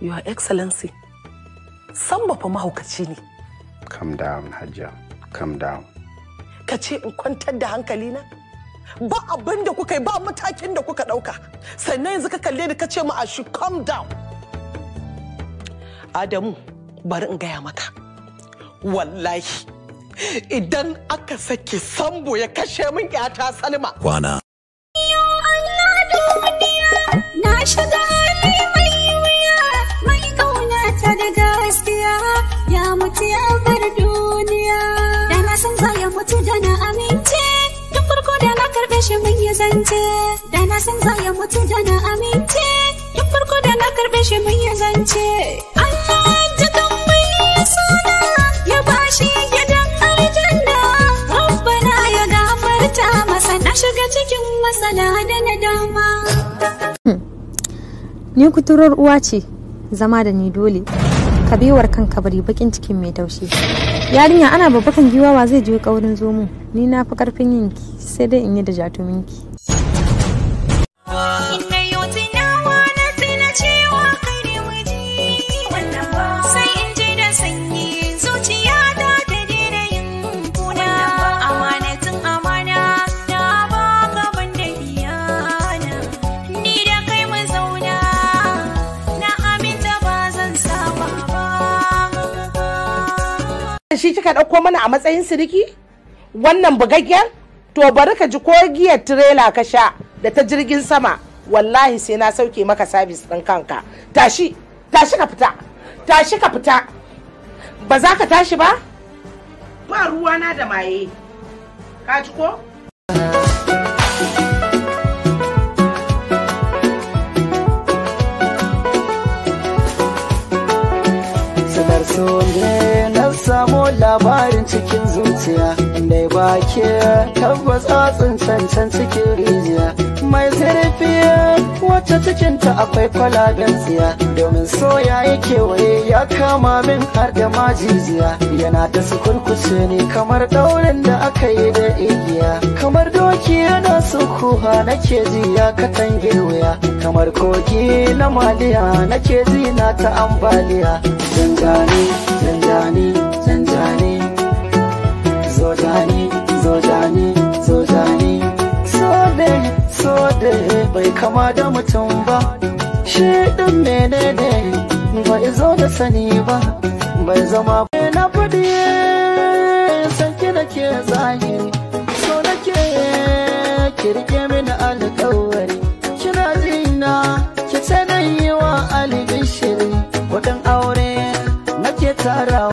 Your Excellency, Samba mahaukaci ne. Calm down, Hajja. Calm down. Ka ce in kwantar da hankali na? Ba abin da kuka yi ba matakin da kuka ɗauka. Sannan yanzu ka kalle ni ka ce ma shi calm down. Adamu, bari in gaya maka. Wallahi, idan aka sake sambo ya kashe min 'yata Salma. Kwana. Na shiga ya mutu ya bar duniya da na san za ya mutu da na amince duk farko da na karɓe shi mun yi zance da na san za ya mutu da na amince duk farko da na karɓe shi mun yi zance Allah ji kan suna ya bashi gidan aljanna rabbana ya gafarta masa na shiga cikin matsala da nadama hmm. ni kuturar uwa ce zama da ni dole ka kan war bari bakin cikin mai taushe yarinya ana babbakan giwa wa zai je kaurin zomo ni na fi karfin yinki sai dai in yi da jatuminki shi kika ɗauko mana a matsayin siriki wannan bugaggen to bari ka ji ko giyar tirela ka sha da ta jirgin sama wallahi sai na sauke maka sabis ɗin kanka tashi tashi ka fita tashi ka fita ba za ka tashi ba ba na da maye ka ji ko labarin cikin zuciya dai baki tabbas a tsincancan cikin rijiya mai zurfi wacce cikinta akwai kwalaben tsiya domin soya ya kewaye ya kama min har da majijiya yana ta sukurkuce ne kamar daurin da aka yi da igiya kamar doki yana sukuha nake ji ya katange wuya kamar kogi na maliya nake ji na ta ambaliya zangani zangani zojani zojani zojani zojani sode sode bai kama da mutum ba shi din menene bai zo da sani ba bai zama na faɗi sanki da ke zahiri so nake kirge mini alƙawari kina jina ki ce na yi wa alibin shiri kuɗin aure nake tarawa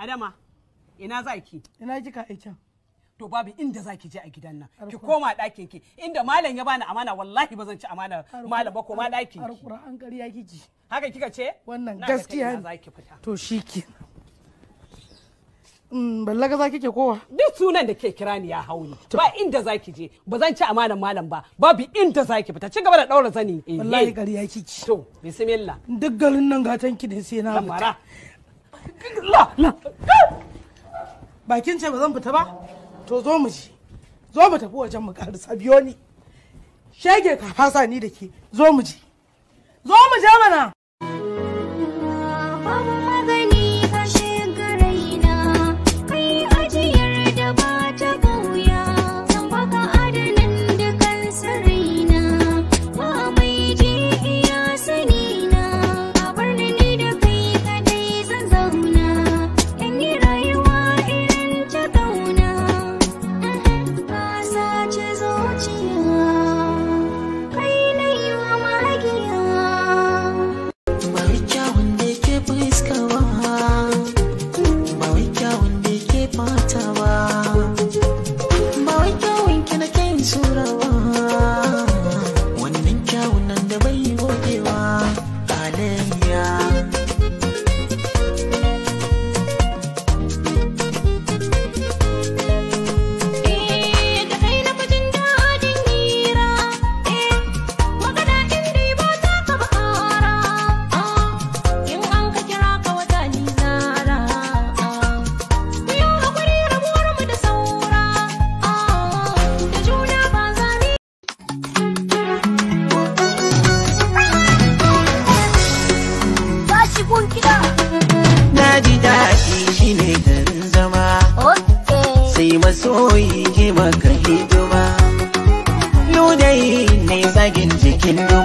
Adama, ina zaki? Ina kika ka can. To babu inda zaki je a gidan nan. Ki koma ɗakin ki. Inda malam ya bani amana wallahi ba zan ci amana malam ba koma ɗakin ki. Alƙur'an ƙarya kiji. Haka kika ce? Wannan gaskiya ne. To shi ke. Mm, Balla ga zaki ke kowa. Duk sunan da ke kira ni ya hau ni. Ba inda zaki je, ba zan ci amanan malam ba, babu inda zaki fita. Ci gaba da daura zani. Wallahi eh. ƙarya kiki. To, bismillah. Duk garin nan gatan ki ne sai na mutu. bakin ce ba zan fita ba to zo mu je zo mu tafi wajen mu karisa biyo ni shege ka fasa ni da ke zo mu je zo mu je mana 亲爱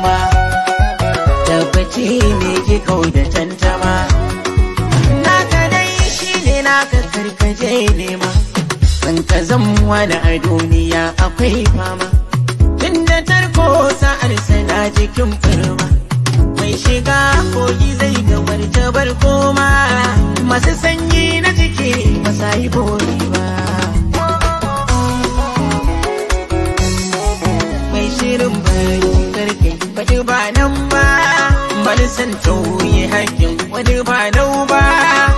girma tabbaci ne ki kau da tantama ka dai shi ne na ka karkaje nema san ka zan wani a duniya akwai fama tun da tarko sa'ar sana jikin firma mai shiga kogi zai gabar bar koma masu sanyi na jiki ba yi bori ba mai shirin wani ba nan ba bari san tauye hakkin wani ba nau ba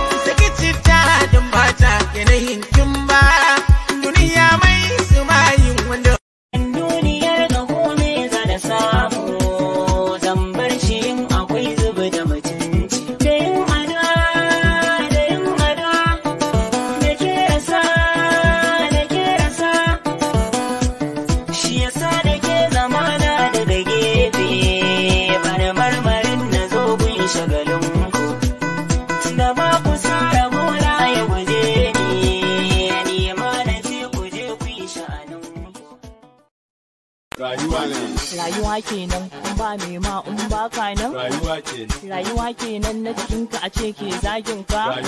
kenan in ba me ma in ba ka nan rayuwa kenan rayuwa kenan na cikin ka a ce ke zagin ka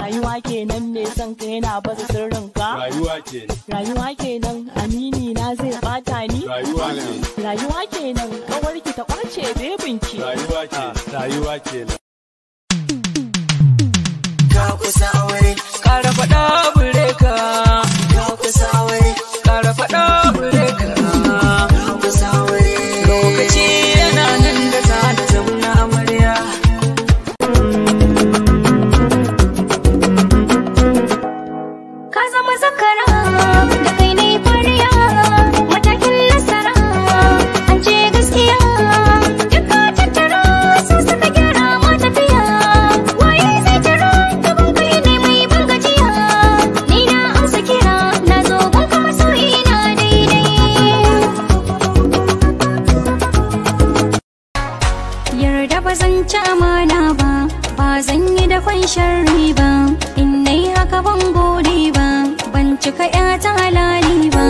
rayuwa kenan me son ka yana baza sirrin ka rayuwa kenan rayuwa kenan amini na zai bata ni rayuwa kenan rayuwa kenan kawarki ta kwace bebinki rayuwa kenan ah, rayuwa kenan ka kusa aure kara faɗa bure ka ka kusa aure kara faɗa bure ka yi sharri ba in nai haka ban gode ba ban cika 'ya ta halali ba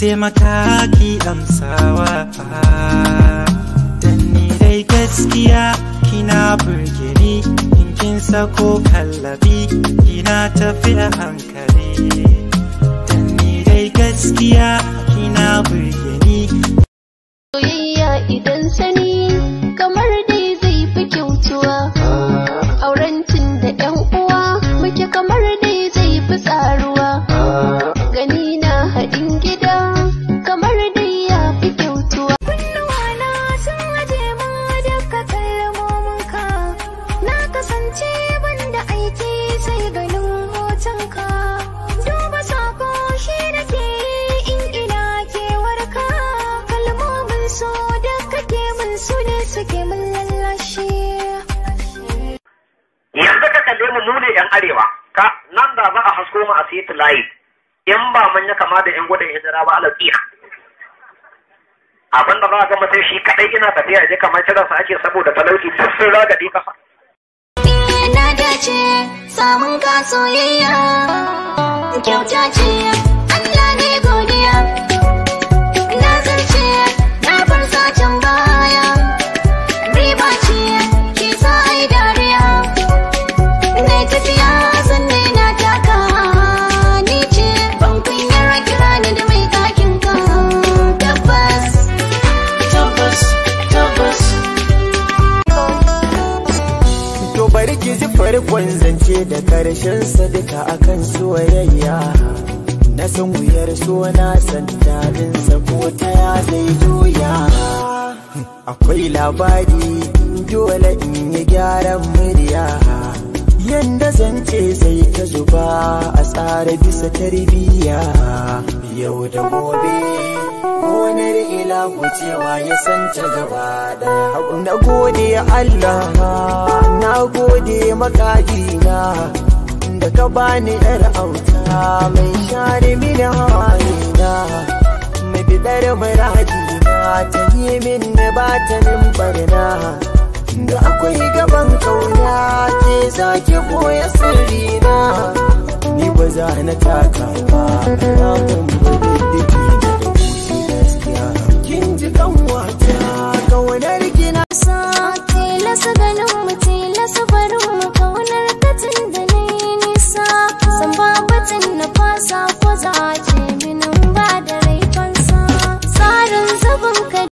Sai maka ki amsawa dan ni dai gaskiya kina burge ni in kin sako kallabi kina tafi a hankali dan ni dai gaskiya kina burge ni soyayya idan sai a ma'asiyatul layi in ba mun ya kama da yan gudun hijira ba ala abin da za a ga shi kadai ina tafiya je kamar sa ake saboda talauci duk sun kafa kafa. na dace samun ka soyayya kyauta ce Farkon zance da karshen sadaka akan soyayya na san wuyar suna san daɗin sako ta ya zai juya akwai labari dole in yi gyaran murya yanda zance zai ta zuba a tsara bisa tarbiyya yau da gobe ila cewa ya san ta gaba daya na gode Allah na gode makagina da ka bani yar auta mai share mini haina mai bidar muradina ta yi min ba ta barna da akwai gaban kauna ke zaki koya sirrina ni ba za na taka ba na